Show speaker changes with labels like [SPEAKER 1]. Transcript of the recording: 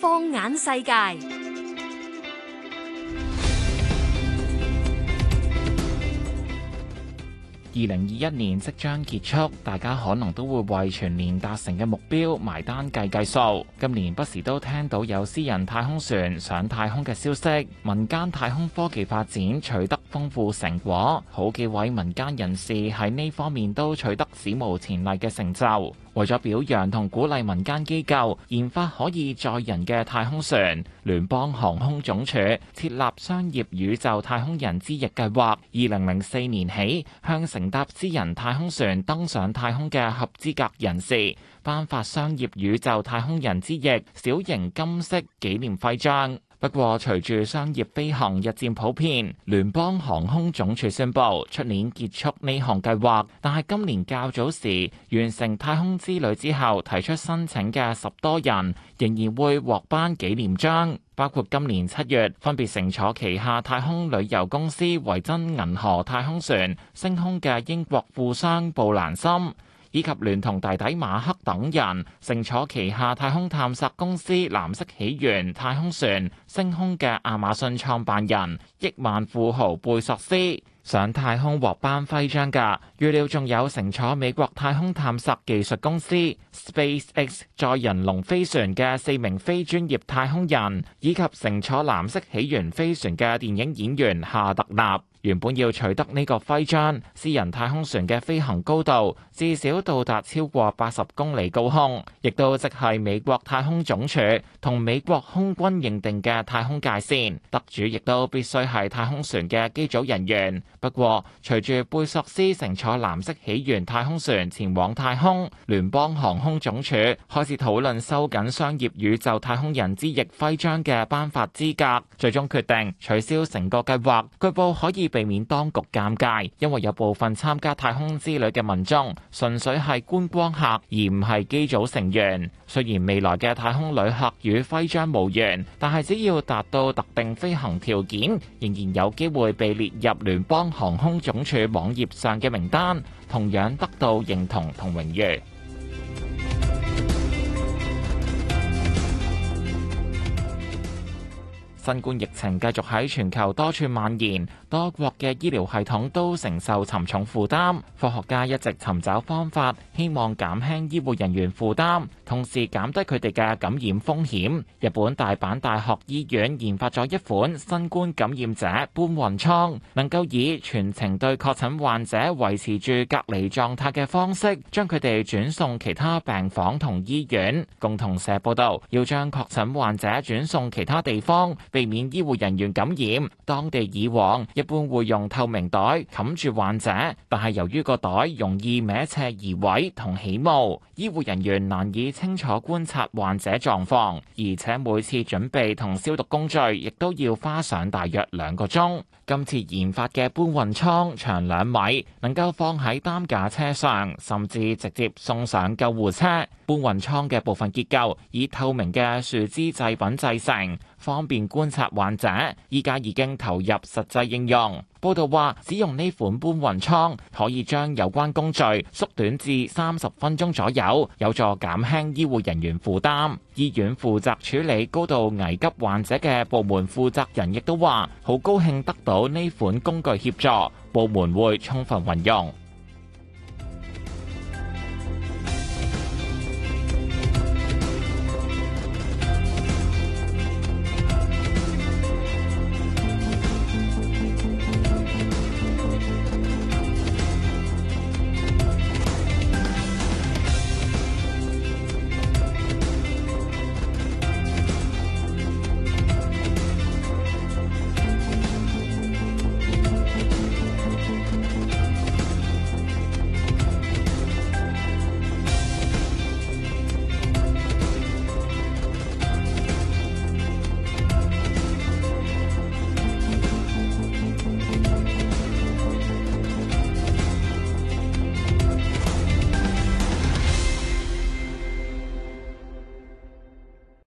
[SPEAKER 1] 放眼世界。二零二一年即將結束，大家可能都會為全年達成嘅目標埋單計計數。今年不時都聽到有私人太空船上太空嘅消息，民間太空科技發展取得豐富成果，好幾位民間人士喺呢方面都取得史無前例嘅成就。為咗表揚同鼓勵民間機構研發可以載人嘅太空船，聯邦航空總署設立商業宇宙太空人之翼計劃。二零零四年起，向成乘搭私人太空船登上太空嘅合資格人士，頒發商業宇宙太空人之翼小型金色紀念徽章。不過，隨住商業飛行日漸普遍，聯邦航空總署宣布出年結束呢項計劃，但係今年較早時完成太空之旅之後提出申請嘅十多人，仍然會獲頒紀念章，包括今年七月分別乘坐旗下太空旅遊公司維珍銀河太空船升空嘅英國富商布蘭森。以及聯同弟弟馬克等人乘坐旗下太空探索公司藍色起源太空船升空嘅亞馬遜創辦人億萬富豪貝索斯上太空獲頒徽章嘅，預料仲有乘坐美國太空探索技術公司 SpaceX 載人龍飛船嘅四名非專業太空人，以及乘坐藍色起源飛船嘅電影演員夏特納。原本要取得呢個徽章，私人太空船嘅飛行高度至少到達超過八十公里高空，亦都即係美國太空總署同美國空軍認定嘅太空界線。得主亦都必須係太空船嘅機組人員。不過，隨住貝索斯乘坐藍色起源太空船前往太空，聯邦航空總署開始討論收緊商業宇宙太空人之翼徽章嘅頒發資格，最終決定取消成個計劃。據報可以。避免當局尷尬，因為有部分參加太空之旅嘅民眾純粹係觀光客，而唔係機組成員。雖然未來嘅太空旅客與徽章無緣，但係只要達到特定飛行條件，仍然有機會被列入聯邦航空總署網頁上嘅名單，同樣得到認同同榮譽。新冠疫情繼續喺全球多處蔓延，多國嘅醫療系統都承受沉重負擔，科學家一直尋找方法，希望減輕醫護人員負擔，同時減低佢哋嘅感染風險，日本大阪大學醫院研發咗一款新冠感染者搬運艙，能夠以全程對確診患者維持住隔離狀態嘅方式，將佢哋轉送其他病房同醫院。共同社報道，要將確診患者轉送其他地方。避免醫護人員感染。當地以往一般會用透明袋冚住患者，但係由於個袋容易歪斜移位同起霧，醫護人員難以清楚觀察患者狀況，而且每次準備同消毒工序亦都要花上大約兩個鐘。今次研發嘅搬運艙長兩米，能夠放喺擔架車上，甚至直接送上救護車。搬運艙嘅部分結構以透明嘅樹脂製品製成，方便觀察患者。依家已經投入實際應用。報道話，使用呢款搬運艙可以將有關工序縮短至三十分鐘左右，有助減輕醫護人員負擔。醫院負責處理高度危急患者嘅部門負責人亦都話，好高興得到呢款工具協助，部門會充分運用。